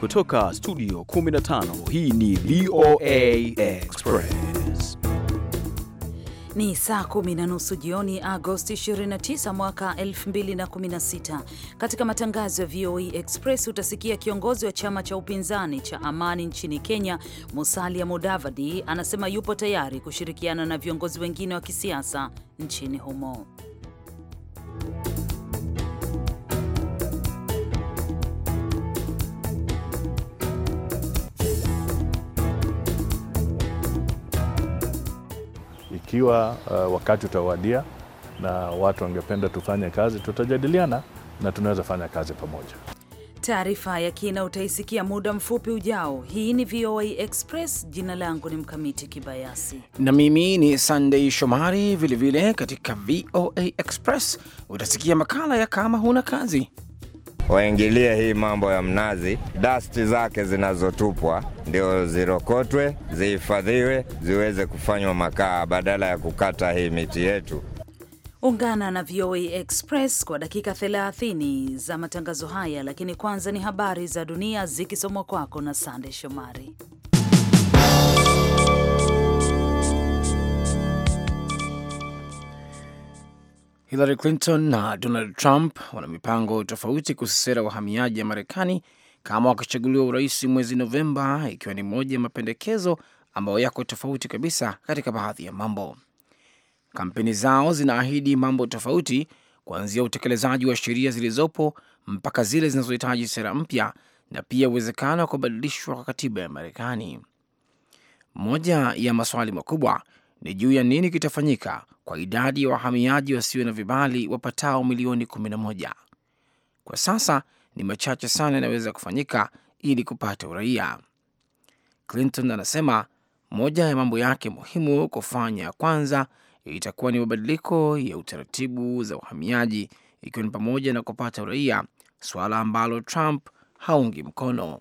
Kutoka studio 15 hii ni VOA Express. Ni saa kumi na nusu jioni Agosti 29 mwaka 2016. Katika matangazo ya VOA Express utasikia kiongozi wa chama cha upinzani cha Amani nchini Kenya, Musalia Mudavadi, anasema yupo tayari kushirikiana na viongozi wengine wa kisiasa nchini humo. ikiwa uh, wakati utawadia na watu wangependa tufanye kazi, tutajadiliana na tunaweza fanya kazi pamoja. Taarifa ya kina utaisikia muda mfupi ujao. Hii ni VOA Express. Jina langu ni Mkamiti Kibayasi na mimi ni Sandei Shomari. Vilevile katika VOA Express utasikia makala ya kama huna kazi waingilie hii mambo ya mnazi, dasti zake zinazotupwa ndio zirokotwe, zihifadhiwe, ziweze kufanywa makaa badala ya kukata hii miti yetu. Ungana na VOA Express kwa dakika 30 za matangazo haya, lakini kwanza ni habari za dunia zikisomwa kwako na Sande Shomari. Hillary Clinton na Donald Trump wana mipango tofauti kuhusu sera wahamiaji ya Marekani kama wakichaguliwa urais mwezi Novemba, ikiwa ni moja ya mapendekezo ambayo yako tofauti kabisa katika baadhi ya mambo. Kampeni zao zinaahidi mambo tofauti, kuanzia utekelezaji wa sheria zilizopo mpaka zile zinazohitaji sera mpya na pia uwezekano wa kubadilishwa kwa katiba ya Marekani. Moja ya maswali makubwa ni juu ya nini kitafanyika kwa idadi ya wahamiaji wasio na vibali wapatao milioni 11. Kwa sasa ni machache sana yanayoweza kufanyika ili kupata uraia. Clinton anasema moja ya mambo yake muhimu kufanya ya kwanza itakuwa ni mabadiliko ya utaratibu za uhamiaji, ikiwa ni pamoja na kupata uraia, suala ambalo Trump haungi mkono.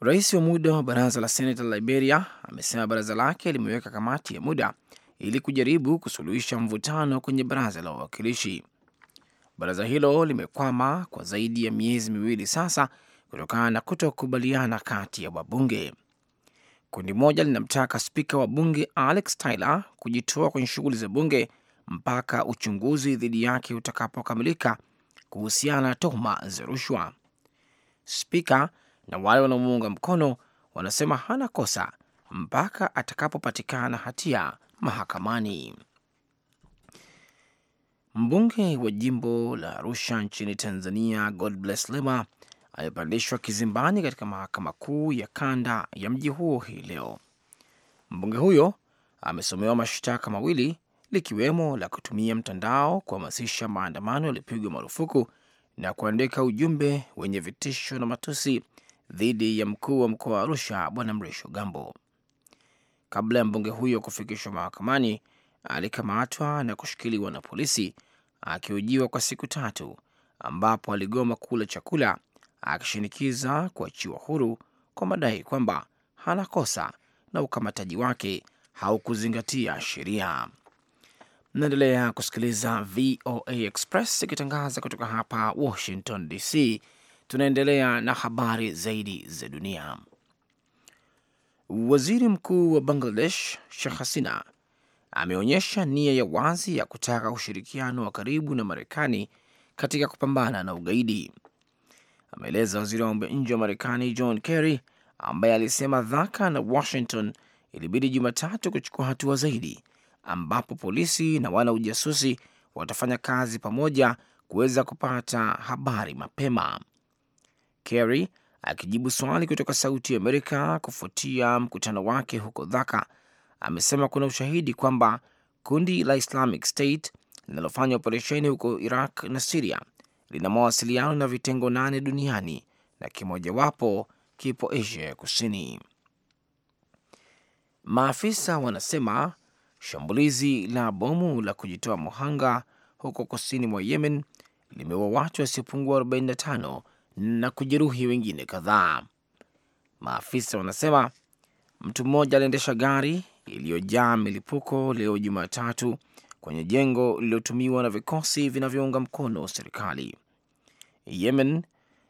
Rais wa muda wa baraza la seneti la Liberia amesema baraza lake limeweka kamati ya muda ili kujaribu kusuluhisha mvutano kwenye baraza la wawakilishi. Baraza hilo limekwama kwa zaidi ya miezi miwili sasa kutokana na kutokubaliana kati ya wabunge. Kundi moja linamtaka spika wa bunge Alex Tyler kujitoa kwenye shughuli za bunge mpaka uchunguzi dhidi yake utakapokamilika kuhusiana na tuhuma za rushwa. Spika na wale wanaomuunga mkono wanasema hana kosa mpaka atakapopatikana hatia mahakamani. Mbunge wa jimbo la Arusha nchini Tanzania, Godbless Lema amepandishwa kizimbani katika mahakama kuu ya kanda ya mji huo hii leo. Mbunge huyo amesomewa mashtaka mawili likiwemo la kutumia mtandao kuhamasisha maandamano yaliyopigwa marufuku na kuandika ujumbe wenye vitisho na matusi dhidi ya mkuu wa mkoa wa Arusha Bwana Mrisho Gambo. Kabla ya mbunge huyo kufikishwa mahakamani, alikamatwa na kushikiliwa na polisi akihojiwa kwa siku tatu, ambapo aligoma kula chakula akishinikiza kuachiwa huru kwa madai kwamba hana kosa na ukamataji wake haukuzingatia sheria. Mnaendelea kusikiliza VOA Express ikitangaza kutoka hapa Washington DC. Tunaendelea na habari zaidi za dunia. Waziri mkuu wa Bangladesh Sheikh Hasina ameonyesha nia ya wazi ya kutaka ushirikiano wa karibu na Marekani katika kupambana na ugaidi, ameeleza waziri wa mambo ya nje wa Marekani John Kerry ambaye alisema Dhaka na Washington ilibidi Jumatatu kuchukua hatua zaidi, ambapo polisi na wana ujasusi watafanya kazi pamoja kuweza kupata habari mapema. Kerry akijibu swali kutoka Sauti ya Amerika kufuatia mkutano wake huko Dhaka amesema kuna ushahidi kwamba kundi la Islamic State linalofanya operesheni huko Iraq na Siria lina mawasiliano na vitengo nane duniani na kimojawapo kipo Asia ya Kusini. Maafisa wanasema shambulizi la bomu la kujitoa muhanga huko kusini mwa Yemen limeua watu wasiopungua 45 na kujeruhi wengine kadhaa. Maafisa wanasema mtu mmoja aliendesha gari iliyojaa milipuko leo Jumatatu kwenye jengo lililotumiwa na vikosi vinavyounga mkono serikali. Yemen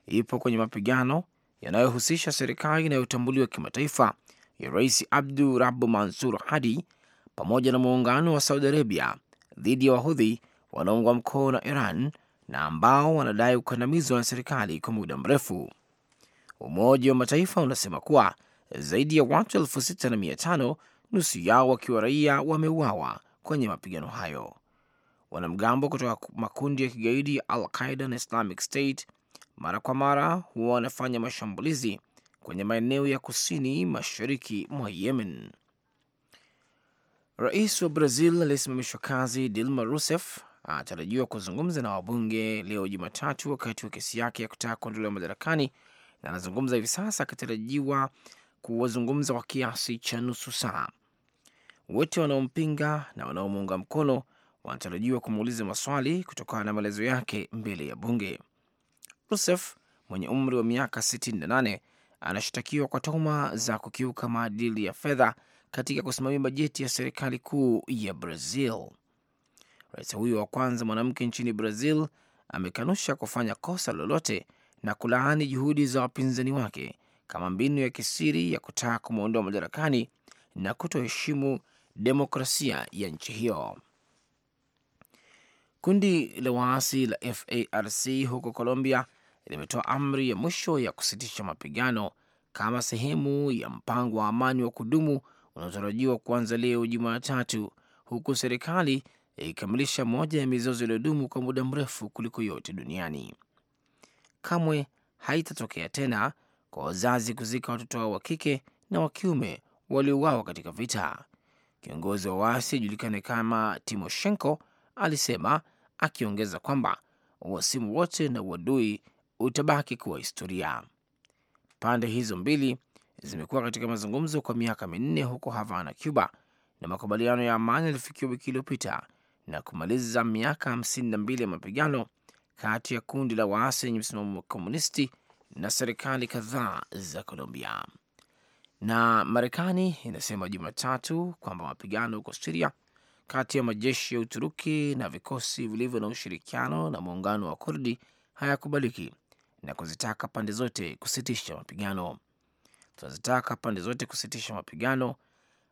ipo kwenye mapigano yanayohusisha serikali inayotambuliwa kimataifa ya Rais Abdu Rabu Mansur Hadi pamoja na muungano wa Saudi Arabia dhidi ya Wahudhi wanaungwa mkono na Iran na ambao wanadai kukandamizwa na serikali kwa muda mrefu. Umoja wa Mataifa unasema kuwa zaidi ya watu elfu sita na mia tano, nusu yao wakiwa raia, wameuawa kwenye mapigano hayo. Wanamgambo kutoka makundi ya kigaidi ya Al Qaida na Islamic State mara kwa mara huwa wanafanya mashambulizi kwenye maeneo ya kusini mashariki mwa Yemen. Rais wa Brazil aliyesimamishwa kazi Dilma Rousseff anatarajiwa kuzungumza na wabunge leo Jumatatu wakati wa kesi yake ya kutaka kuondolewa madarakani, na anazungumza hivi sasa akitarajiwa kuwazungumza kwa kiasi cha nusu saa. Wote wanaompinga na wanaomuunga mkono wanatarajiwa kumuuliza maswali kutokana na maelezo yake mbele ya bunge. Rusef mwenye umri wa miaka 68 anashtakiwa kwa tuhuma za kukiuka maadili ya fedha katika kusimamia bajeti ya serikali kuu ya Brazil. Rais huyo wa kwanza mwanamke nchini Brazil amekanusha kufanya kosa lolote na kulaani juhudi za wapinzani wake kama mbinu ya kisiri ya kutaka kumwondoa madarakani na kutoheshimu demokrasia ya nchi hiyo. Kundi la waasi la FARC huko Colombia limetoa amri ya mwisho ya kusitisha mapigano kama sehemu ya mpango wa amani wa kudumu unaotarajiwa kuanza leo Jumatatu, huku serikali ikikamilisha moja ya mizozo iliyodumu kwa muda mrefu kuliko yote duniani. Kamwe haitatokea tena kwa wazazi kuzika watoto wao wa kike na wa kiume waliouawa katika vita, kiongozi wa waasi ajulikane kama Timoshenko alisema, akiongeza kwamba uwasimu wote na uadui utabaki kuwa historia. Pande hizo mbili zimekuwa katika mazungumzo kwa miaka minne huko Havana, Cuba, na makubaliano ya amani yalifikiwa wiki iliyopita na kumaliza miaka mbili ya mapigano kati ya kundi la waasi wenye msimamo wa komunisti na serikali kadhaa za Colombia. Na Marekani inasema Jumatatu kwamba mapigano huko Siria kati ya majeshi ya Uturuki na vikosi vilivyo na ushirikiano na muungano wa Kurdi hayakubaliki na kuzitaka pande zote kusitisha mapigano. Tunazitaka pande zote kusitisha mapigano.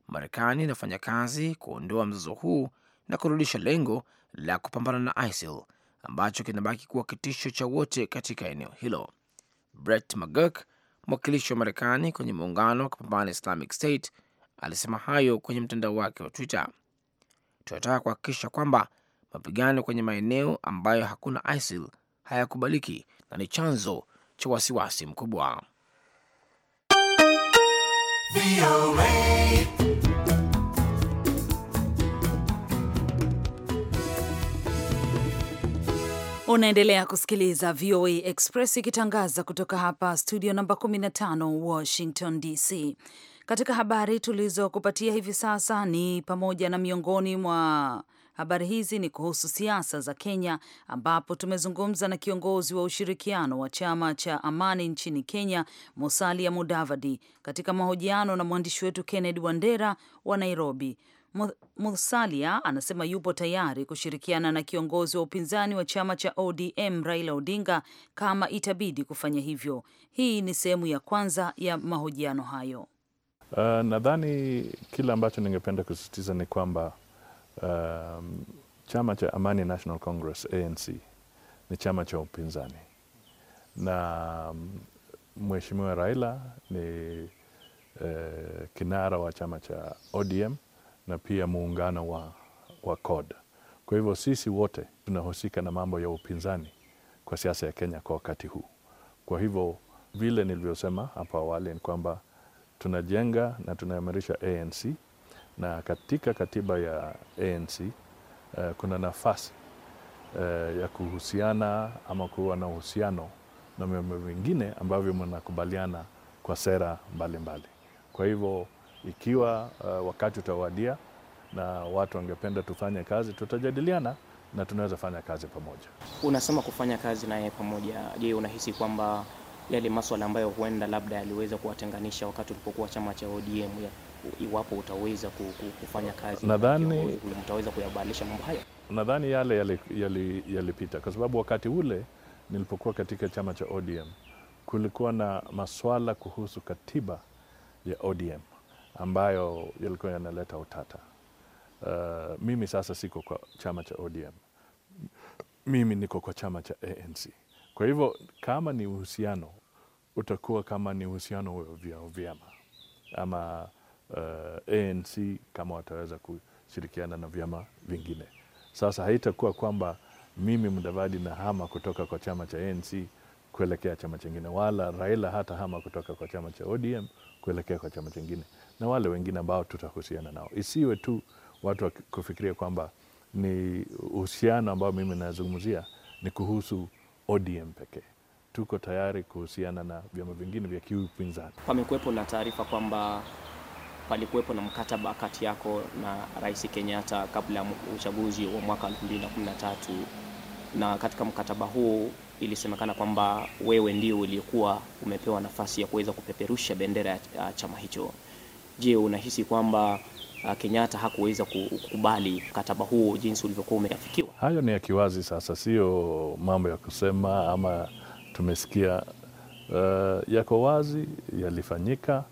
Marekani inafanya kazi kuondoa mzozo huu na kurudisha lengo la kupambana na ISIL ambacho kinabaki kuwa kitisho cha wote katika eneo hilo. Brett McGurk, mwakilishi wa Marekani kwenye muungano wa kupambana na Islamic State, alisema hayo kwenye mtandao wake wa Twitter. Tunataka kuhakikisha kwamba mapigano kwenye maeneo ambayo hakuna ISIL hayakubaliki na ni chanzo cha wasiwasi mkubwa. Unaendelea kusikiliza VOA Express ikitangaza kutoka hapa studio namba 15 Washington DC. Katika habari tulizokupatia hivi sasa ni pamoja na miongoni mwa habari hizi ni kuhusu siasa za Kenya ambapo tumezungumza na kiongozi wa ushirikiano wa chama cha Amani nchini Kenya, Musalia Mudavadi, katika mahojiano na mwandishi wetu Kennedy Wandera wa Nairobi. Mursalia anasema yupo tayari kushirikiana na kiongozi wa upinzani wa chama cha ODM Raila Odinga kama itabidi kufanya hivyo. Hii ni sehemu ya kwanza ya mahojiano hayo. Uh, nadhani kile ambacho ningependa kusisitiza ni kwamba uh, chama cha Amani National Congress ANC ni chama cha upinzani na um, Mheshimiwa Raila ni eh, kinara wa chama cha ODM na pia muungano wa, wa CORD. Kwa hivyo sisi wote tunahusika na mambo ya upinzani kwa siasa ya Kenya kwa wakati huu. Kwa hivyo vile nilivyosema hapo awali ni kwamba tunajenga na tunaimarisha ANC na katika katiba ya ANC uh, eh, kuna nafasi uh, ya kuhusiana ama kuwa na uhusiano na mambo vingine ambavyo mnakubaliana kwa sera mbalimbali mbali. Kwa hivyo ikiwa uh, wakati utawadia na watu wangependa tufanye kazi, tutajadiliana na tunaweza fanya kazi pamoja. Unasema kufanya kazi naye pamoja. Je, unahisi kwamba yale maswala ambayo huenda labda yaliweza kuwatenganisha wakati ulipokuwa chama cha ODM, iwapo utaweza kufanya kazi, nadhani mtaweza kuyabadilisha mambo hayo? Nadhani yale yalipita yali, yali kwa sababu wakati ule nilipokuwa katika chama cha ODM kulikuwa na maswala kuhusu katiba ya ODM ambayo yalikuwa yanaleta utata. Uh, mimi sasa siko kwa chama cha ODM, mimi niko kwa chama cha ANC. Kwa hivyo kama ni uhusiano utakuwa kama ni uhusiano wa vyama ama uh, ANC kama wataweza kushirikiana na vyama vingine. Sasa haitakuwa kwamba mimi Mudavadi na hama kutoka kwa chama cha ANC kuelekea chama chingine, wala Raila hata hama kutoka kwa chama cha ODM kuelekea kwa chama chingine, na wale wengine ambao tutahusiana nao, isiwe tu watu kufikiria kwamba ni uhusiano ambao mimi nazungumzia ni kuhusu ODM pekee. Tuko tayari kuhusiana na vyama vingine vya kiupinzani. Pamekuwepo na taarifa kwamba palikuwepo na mkataba kati yako na Rais Kenyatta kabla ya uchaguzi wa mwaka 2013 na katika mkataba huo ilisemekana kwamba wewe ndio uliokuwa umepewa nafasi ya kuweza kupeperusha bendera ya chama hicho. Je, unahisi kwamba uh, Kenyatta hakuweza kukubali mkataba huo jinsi ulivyokuwa umeafikiwa? Hayo ni ya kiwazi sasa, sio mambo ya kusema ama tumesikia. Uh, yako wazi, yalifanyika.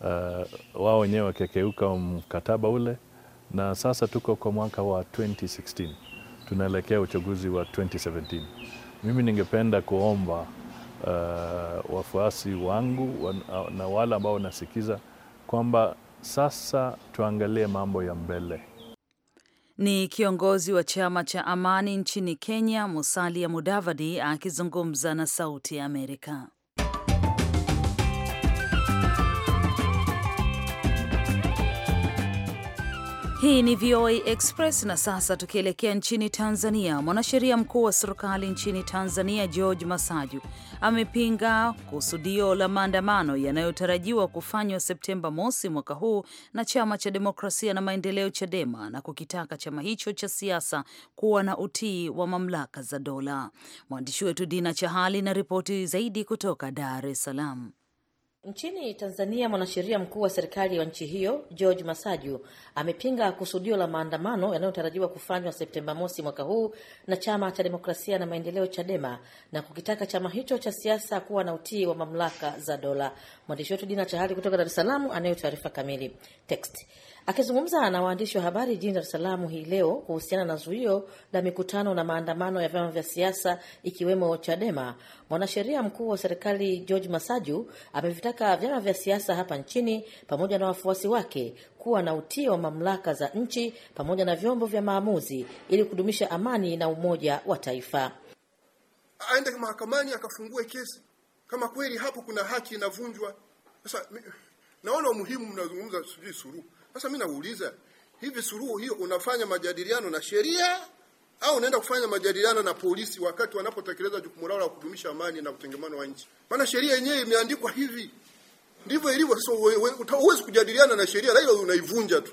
Uh, wao wenyewe wakekeuka mkataba ule, na sasa tuko kwa mwaka wa 2016 tunaelekea uchaguzi wa 2017. Mimi ningependa kuomba uh, wafuasi wangu uh, na wale ambao wanasikiza kwamba sasa tuangalie mambo ya mbele. Ni kiongozi wa chama cha Amani nchini Kenya, Musalia Mudavadi akizungumza na Sauti ya Amerika. Hii ni VOA Express na sasa tukielekea nchini Tanzania, mwanasheria mkuu wa serikali nchini Tanzania George Masaju amepinga kusudio la maandamano yanayotarajiwa kufanywa Septemba mosi mwaka huu na chama cha demokrasia na maendeleo Chadema na kukitaka chama hicho cha siasa kuwa na utii wa mamlaka za dola. Mwandishi wetu Dina Chahali na ripoti zaidi kutoka Dar es Salaam. Nchini Tanzania, mwanasheria mkuu wa serikali wa nchi hiyo George Masaju amepinga kusudio la maandamano yanayotarajiwa kufanywa Septemba mosi mwaka huu na chama cha demokrasia na maendeleo CHADEMA na kukitaka chama hicho cha siasa kuwa na utii wa mamlaka za dola. Mwandishi wetu Dina Chahali kutoka Dar es Salaam anayo taarifa kamili. Text. Akizungumza na waandishi wa habari jijini Dar es Salaam hii leo kuhusiana na zuio la mikutano na maandamano ya vyama vya siasa ikiwemo Chadema, mwanasheria mkuu wa serikali George Masaju amevitaka vyama vya siasa hapa nchini pamoja na wafuasi wake kuwa na utii wa mamlaka za nchi pamoja na vyombo vya maamuzi ili kudumisha amani na umoja wa taifa. Aende mahakamani akafungue kesi kama kweli hapo kuna haki inavunjwa. Sasa naona umuhimu mnazungumza sijui suluhu. Sasa mimi nauliza, hivi suluhu hiyo unafanya majadiliano na sheria au unaenda kufanya majadiliano na polisi wakati wanapotekeleza jukumu lao la kudumisha amani na utengemano wa nchi? Maana sheria yenyewe imeandikwa hivi, ndivyo ilivyo. Sasa so, huwezi kujadiliana na sheria, laila unaivunja tu,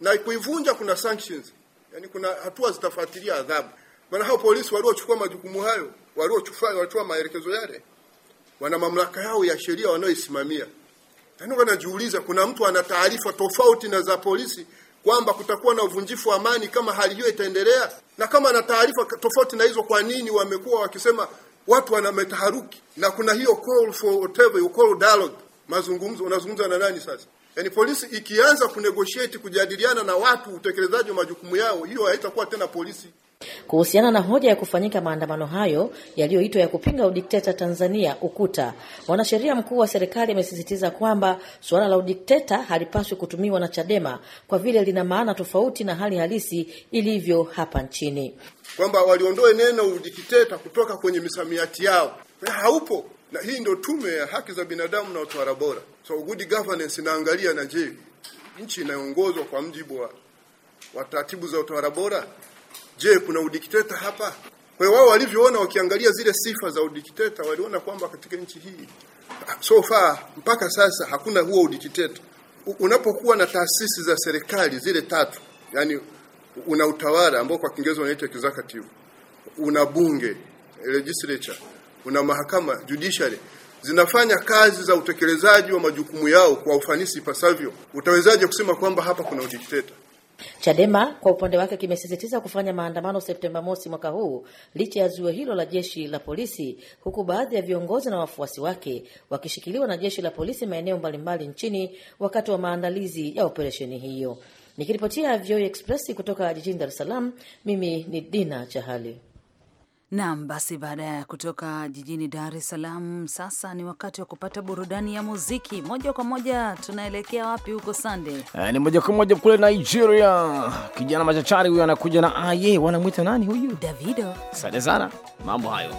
na kuivunja kuna sanctions, yani kuna hatua zitafuatilia adhabu. Maana hao polisi waliochukua majukumu hayo, waliochukua walitoa maelekezo yale, wana mamlaka yao ya sheria wanaoisimamia. Tanuka yaani najiuliza, kuna mtu ana taarifa tofauti na za polisi kwamba kutakuwa na uvunjifu wa amani kama hali hiyo itaendelea? Na kama ana taarifa tofauti na hizo, kwa nini wamekuwa wakisema watu wana metaharuki? Na kuna hiyo call for whatever you call dialogue, mazungumzo. Unazungumza na nani sasa? Yaani polisi ikianza kunegotiate, kujadiliana na watu utekelezaji wa majukumu yao, hiyo haitakuwa tena polisi. Kuhusiana na hoja ya kufanyika maandamano hayo yaliyoitwa ya kupinga udikteta Tanzania UKUTA, mwanasheria mkuu wa serikali amesisitiza kwamba suala la udikteta halipaswi kutumiwa na CHADEMA kwa vile lina maana tofauti na hali halisi ilivyo hapa nchini, kwamba waliondoe neno udikteta kutoka kwenye misamiati yao, haupo na hii ndio Tume ya Haki za Binadamu na Utawala Bora, so good governance inaangalia na je, nchi inayoongozwa kwa mjibu wa taratibu za utawala bora Je, kuna udikteta hapa? Kwa hiyo wao walivyoona, wakiangalia zile sifa za udikteta, waliona kwamba katika nchi hii ah, so far mpaka sasa hakuna huo udikteta. Unapokuwa na taasisi za serikali zile tatu, yani una utawala ambao kwa Kiingereza wanaita executive, una bunge legislature, una mahakama judiciary, zinafanya kazi za utekelezaji wa majukumu yao kwa ufanisi ipasavyo, utawezaje kusema kwamba hapa kuna udikteta? Chadema kwa upande wake kimesisitiza kufanya maandamano Septemba mosi mwaka huu licha ya zuio hilo la jeshi la polisi, huku baadhi ya viongozi na wafuasi wake wakishikiliwa na jeshi la polisi maeneo mbalimbali nchini wakati wa maandalizi ya operesheni hiyo. Nikiripotia VOA e Express kutoka jijini Dar es Salaam, mimi ni Dina Chahali. Nam, basi baada ya kutoka jijini Dar es Salaam, sasa ni wakati wa kupata burudani ya muziki moja kwa moja. Tunaelekea wapi huko Sunday? Eh, ni moja kwa moja kule Nigeria. Kijana machachari huyo anakuja na aye, wanamwita nani huyu? Davido. Sante sana, mambo hayo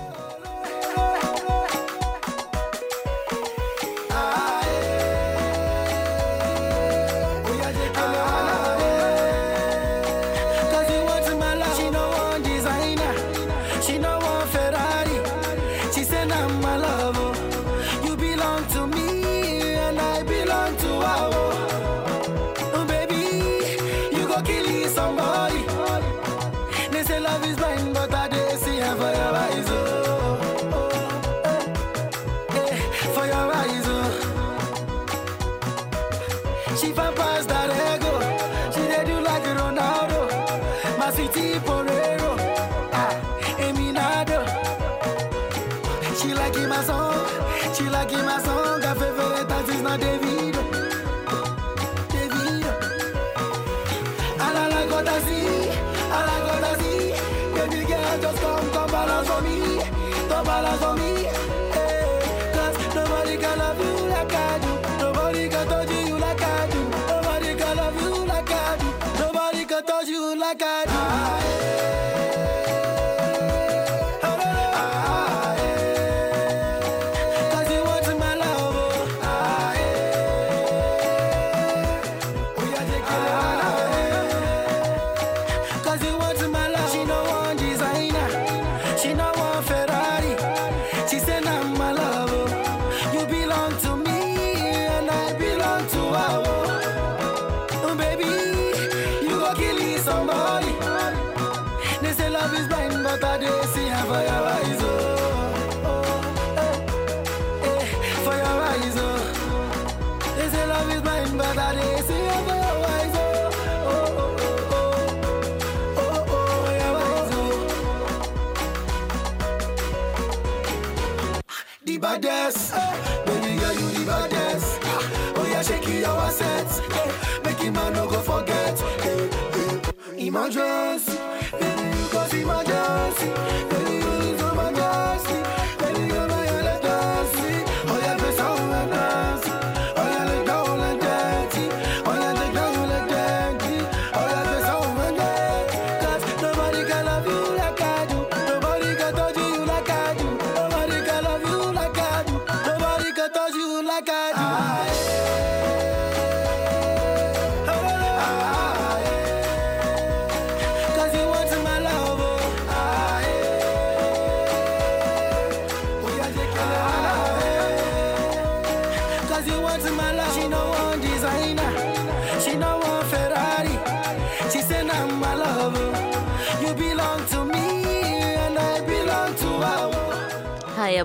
阳光。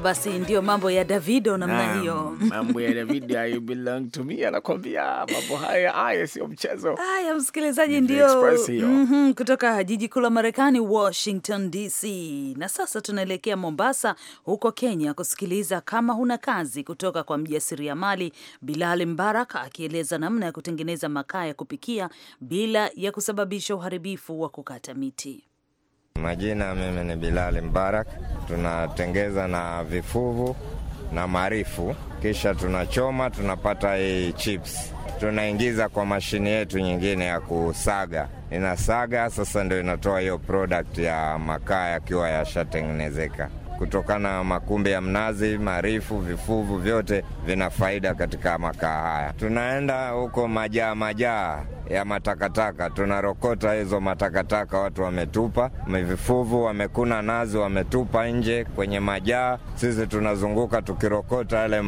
basi ndio mambo ya Davido namna hiyo. Mambo ya Davido you belong to me, anakwambia mambo haya haya sio mchezo. Haya msikilizaji, ndio mm -hmm, kutoka jiji kuu la Marekani Washington DC. Na sasa tunaelekea Mombasa huko Kenya kusikiliza kama huna kazi kutoka kwa mjasiriamali Bilal Mbarak akieleza namna ya kutengeneza makaa ya kupikia bila ya kusababisha uharibifu wa kukata miti. Majina mimi ni Bilali Mbarak, tunatengeza na vifuvu na marifu, kisha tunachoma, tunapata hii chips, tunaingiza kwa mashini yetu nyingine ya kusaga, inasaga sasa, ndio inatoa hiyo product ya makaa yakiwa yashatengenezeka kutokana na makumbi ya mnazi, marifu, vifuvu vyote vina faida katika makaa haya. Tunaenda huko majaa majaa ya matakataka, tunarokota hizo matakataka, watu wametupa vifuvu, wamekuna nazi, wametupa nje kwenye majaa. Sisi tunazunguka tukirokota yale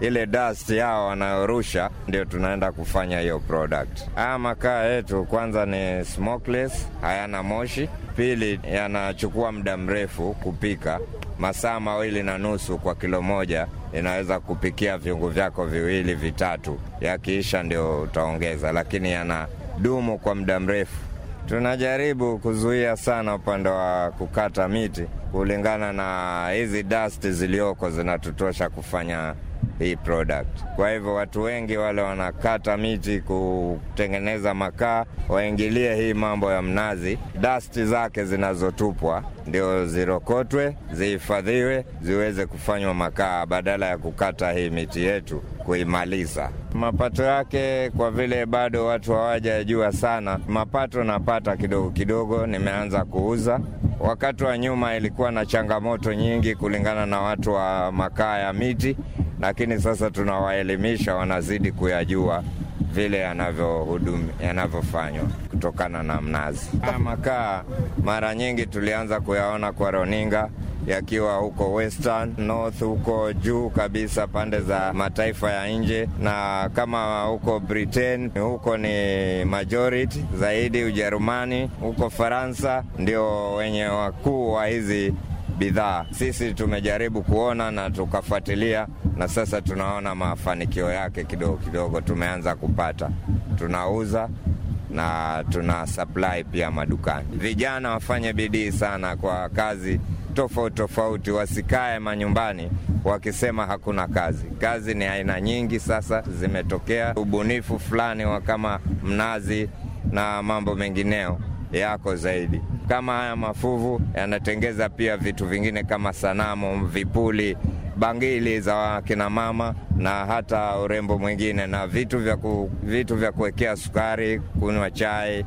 ile dust yao wanayorusha, ndio tunaenda kufanya hiyo product. Haya makaa yetu kwanza ni smokeless, hayana moshi. Pili, yanachukua muda mrefu kupika, masaa mawili na nusu kwa kilo moja. Inaweza kupikia viungu vyako viwili vitatu, yakiisha ndio utaongeza, lakini yanadumu kwa muda mrefu. Tunajaribu kuzuia sana upande wa kukata miti kulingana na hizi dust zilioko zinatutosha kufanya hii product. Kwa hivyo watu wengi wale wanakata miti kutengeneza makaa waingilie hii mambo ya mnazi, dasti zake zinazotupwa ndio zirokotwe, zihifadhiwe, ziweze kufanywa makaa badala ya kukata hii miti yetu kuimaliza. Mapato yake kwa vile bado watu hawajajua sana, mapato napata kidogo kidogo, nimeanza kuuza Wakati wa nyuma ilikuwa na changamoto nyingi kulingana na watu wa makaa ya miti, lakini sasa tunawaelimisha, wanazidi kuyajua vile yanavyofanywa kutokana na mnazi. Haya makaa mara nyingi tulianza kuyaona kwa roninga yakiwa huko Western North, huko juu kabisa pande za mataifa ya nje, na kama huko Britain, huko ni majority zaidi, Ujerumani, huko Faransa ndio wenye wakuu wa hizi bidhaa. Sisi tumejaribu kuona na tukafuatilia, na sasa tunaona mafanikio yake kidogo kidogo, tumeanza kupata, tunauza na tuna supply pia madukani. Vijana wafanye bidii sana kwa kazi tofauti tofauti, wasikae manyumbani wakisema hakuna kazi. Kazi ni aina nyingi sasa zimetokea, ubunifu fulani wa kama mnazi na mambo mengineo yako zaidi kama haya mafuvu yanatengeza pia vitu vingine kama sanamu, vipuli, bangili za kina mama na hata urembo mwingine na vitu vya ku, vitu vya kuwekea sukari, kunywa chai,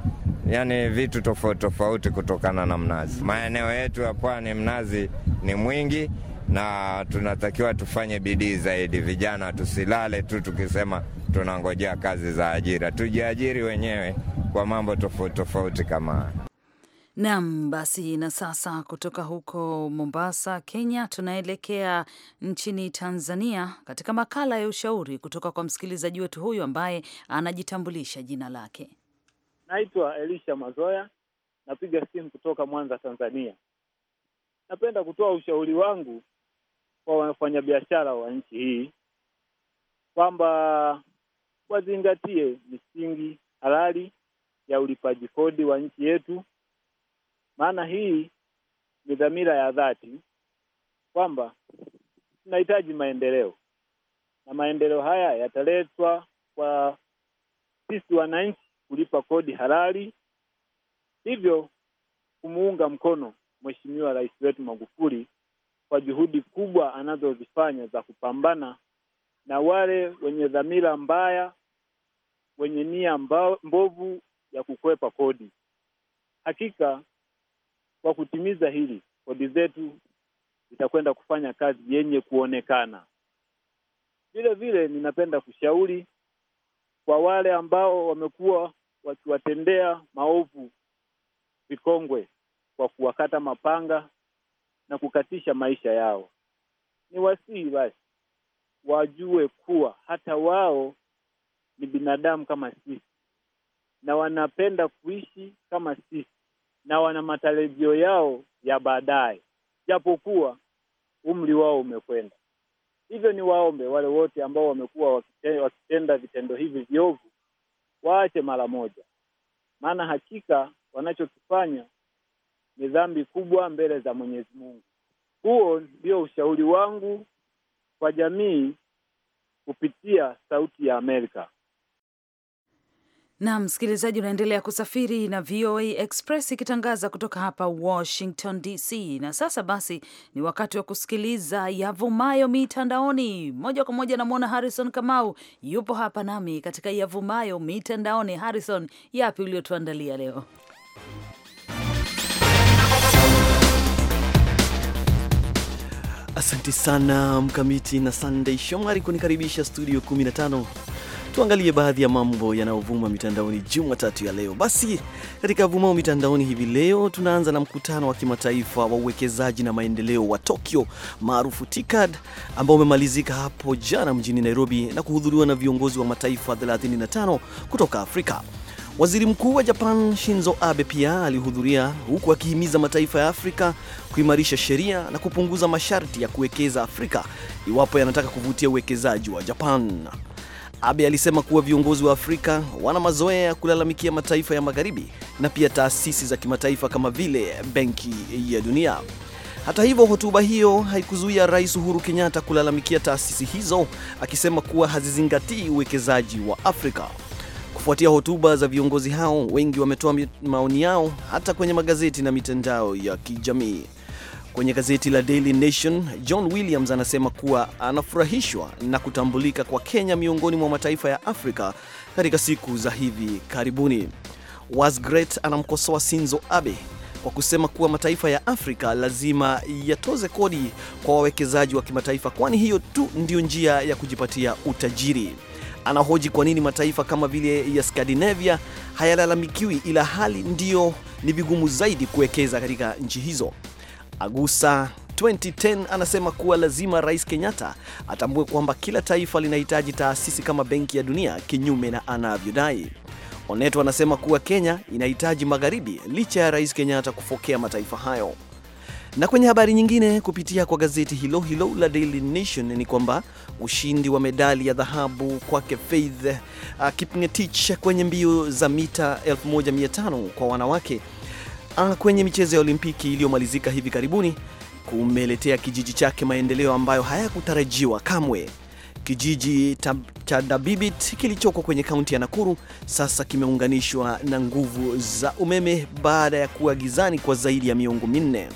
yani vitu tofauti tofauti kutokana na mnazi. Maeneo yetu ya pwani mnazi ni mwingi na tunatakiwa tufanye bidii zaidi. Vijana tusilale tu tukisema tunangojea kazi za ajira, tujiajiri wenyewe kwa mambo tofauti tofauti kama Nam basi, na sasa kutoka huko Mombasa, Kenya, tunaelekea nchini Tanzania katika makala ya ushauri kutoka kwa msikilizaji wetu huyu ambaye anajitambulisha jina lake. Naitwa Elisha Mazoya, napiga simu kutoka Mwanza, Tanzania. Napenda kutoa ushauri wangu kwa wafanyabiashara wa nchi hii kwamba wazingatie misingi halali ya ulipaji kodi wa nchi yetu maana hii ni dhamira ya dhati kwamba tunahitaji maendeleo na maendeleo haya yataletwa kwa sisi wananchi kulipa kodi halali, hivyo kumuunga mkono Mheshimiwa Rais wetu Magufuli kwa juhudi kubwa anazozifanya za kupambana na wale wenye dhamira mbaya, wenye nia mbovu ya kukwepa kodi. Hakika kwa kutimiza hili, kodi zetu zitakwenda kufanya kazi yenye kuonekana. Vile vile, ninapenda kushauri kwa wale ambao wamekuwa wakiwatendea maovu vikongwe kwa kuwakata mapanga na kukatisha maisha yao, ni wasihi basi wajue kuwa hata wao ni binadamu kama sisi na wanapenda kuishi kama sisi na wana matarajio yao ya baadaye, japokuwa umri wao umekwenda. Hivyo ni waombe wale wote ambao wamekuwa wakitenda vitendo hivi viovu waache mara moja, maana hakika wanachokifanya ni dhambi kubwa mbele za Mwenyezi Mungu. Huo ndio ushauri wangu kwa jamii kupitia Sauti ya Amerika na msikilizaji, unaendelea kusafiri na VOA Express ikitangaza kutoka hapa Washington DC. Na sasa basi, ni wakati wa kusikiliza yavumayo mitandaoni moja kwa moja. Namwona Harrison Kamau yupo hapa nami katika yavumayo mitandaoni. Harrison, yapi uliotuandalia leo? Asante sana Mkamiti na sandey Shomari kunikaribisha studio 15 Tuangalie baadhi ya mambo yanayovuma mitandaoni Jumatatu ya leo. Basi katika vumao mitandaoni hivi leo, tunaanza na mkutano wa kimataifa wa uwekezaji na maendeleo wa Tokyo maarufu TICAD ambao umemalizika hapo jana mjini Nairobi na kuhudhuriwa na viongozi wa mataifa 35 kutoka Afrika. Waziri Mkuu wa Japan Shinzo Abe pia alihudhuria huku akihimiza mataifa ya Afrika kuimarisha sheria na kupunguza masharti ya kuwekeza Afrika iwapo yanataka kuvutia uwekezaji wa Japan. Abe alisema kuwa viongozi wa Afrika wana mazoea ya kulalamikia mataifa ya magharibi na pia taasisi za kimataifa kama vile Benki ya Dunia. Hata hivyo, hotuba hiyo haikuzuia Rais Uhuru Kenyatta kulalamikia taasisi hizo, akisema kuwa hazizingatii uwekezaji wa Afrika. Kufuatia hotuba za viongozi hao, wengi wametoa maoni yao hata kwenye magazeti na mitandao ya kijamii. Kwenye gazeti la Daily Nation, John Williams anasema kuwa anafurahishwa na kutambulika kwa Kenya miongoni mwa mataifa ya Afrika katika siku za hivi karibuni. Wasgret anamkosoa Sinzo Abe kwa kusema kuwa mataifa ya Afrika lazima yatoze kodi kwa wawekezaji wa kimataifa, kwani hiyo tu ndiyo njia ya kujipatia utajiri. Anahoji kwa nini mataifa kama vile ya Skandinavia hayalalamikiwi ila hali ndiyo ni vigumu zaidi kuwekeza katika nchi hizo. Agusa 2010 anasema kuwa lazima Rais Kenyatta atambue kwamba kila taifa linahitaji taasisi kama Benki ya Dunia, kinyume na anavyodai. Oneto anasema kuwa Kenya inahitaji magharibi licha ya Rais Kenyatta kufokea mataifa hayo. Na kwenye habari nyingine kupitia kwa gazeti hilo hilo la Daily Nation ni kwamba ushindi wa medali ya dhahabu kwake Faith uh, Kipngetich kwenye mbio za mita 1500 kwa wanawake Ah, kwenye michezo ya Olimpiki iliyomalizika hivi karibuni kumeletea kijiji chake maendeleo ambayo hayakutarajiwa kamwe. Kijiji cha Dabibit kilichoko kwenye kaunti ya Nakuru sasa kimeunganishwa na nguvu za umeme baada ya kuwa gizani kwa zaidi ya miongo minne.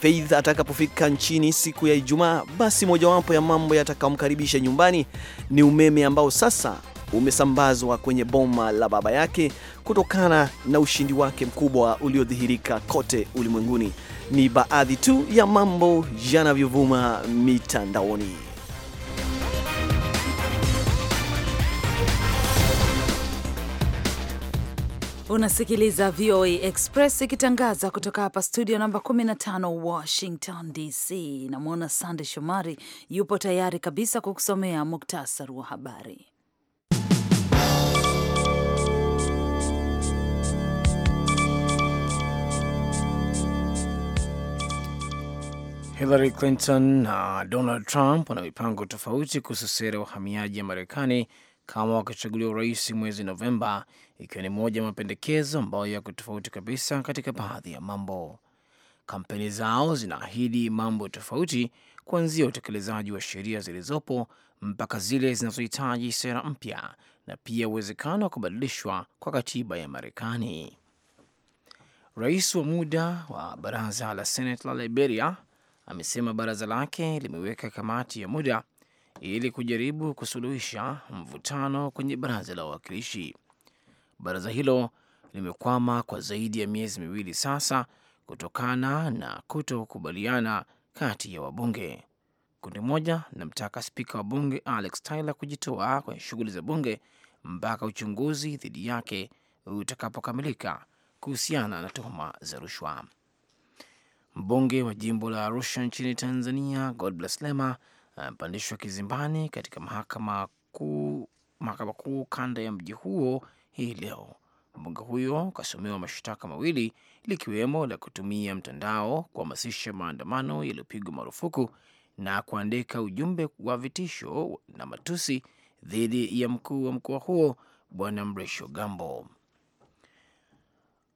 Faith atakapofika nchini siku ya Ijumaa, basi mojawapo ya mambo yatakaomkaribisha nyumbani ni umeme ambao sasa umesambazwa kwenye boma la baba yake kutokana na ushindi wake mkubwa uliodhihirika kote ulimwenguni. Ni baadhi tu ya mambo yanavyovuma mitandaoni. Unasikiliza VOA Express ikitangaza kutoka hapa studio namba 15 Washington DC. Namwona Sande Shomari yupo tayari kabisa kukusomea muktasari wa habari. Hillary Clinton na Donald Trump wana mipango tofauti kuhusu sera ya uhamiaji ya Marekani kama wakichaguliwa urais mwezi Novemba, ikiwa ni moja ya mapendekezo ambayo yako tofauti kabisa katika baadhi ya mambo. Kampeni zao zinaahidi mambo tofauti, kuanzia utekelezaji wa sheria zilizopo mpaka zile zinazohitaji sera mpya na pia uwezekano wa kubadilishwa kwa katiba ya Marekani. Rais wa muda wa baraza la Senate la Liberia amesema baraza lake limeweka kamati ya muda ili kujaribu kusuluhisha mvutano kwenye baraza la wawakilishi. Baraza hilo limekwama kwa zaidi ya miezi miwili sasa kutokana na kutokubaliana kati ya wabunge. Kundi moja linamtaka spika wa bunge Alex Tyler kujitoa kwenye shughuli za bunge mpaka uchunguzi dhidi yake utakapokamilika kuhusiana na tuhuma za rushwa. Mbunge wa jimbo la Arusha nchini Tanzania, Godbless Lema amepandishwa kizimbani katika mahakama kuu mahakama kuu kanda ya mji huo hii leo. Mbunge huyo kasomewa mashtaka mawili likiwemo la kutumia mtandao kuhamasisha maandamano yaliyopigwa marufuku na kuandika ujumbe wa vitisho na matusi dhidi ya mkuu wa mkoa huo Bwana Mresho Gambo.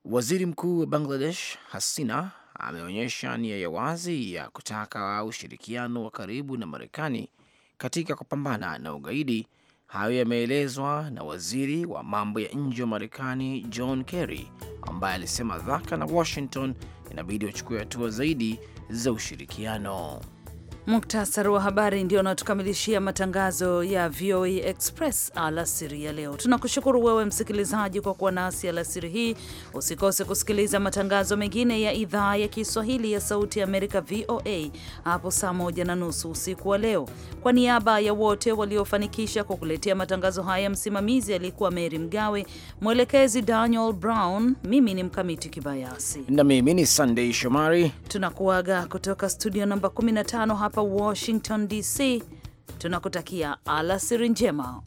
Waziri Mkuu wa Bangladesh Hasina ameonyesha nia ya wazi ya kutaka ushirikiano wa karibu na Marekani katika kupambana na ugaidi. Hayo yameelezwa na waziri wa mambo ya nje wa Marekani John Kerry, ambaye alisema Dhaka na Washington inabidi wachukue hatua zaidi za ushirikiano. Muktasari wa habari ndio unatukamilishia matangazo ya VOA Express alasiri ya leo. Tunakushukuru wewe msikilizaji kwa kuwa nasi alasiri hii. Usikose kusikiliza matangazo mengine ya idhaa ya Kiswahili ya Sauti ya Amerika, VOA, hapo saa moja na nusu usiku wa leo. Kwa niaba ya wote waliofanikisha kukuletea matangazo haya, msimamizi aliyekuwa Mary Mgawe, mwelekezi Daniel Brown, mimi ni Mkamiti Kibayasi na mimi ni Sandei Shomari. Tunakuaga kutoka studio namba 15 hapa hapa Washington DC, tunakutakia alasiri njema.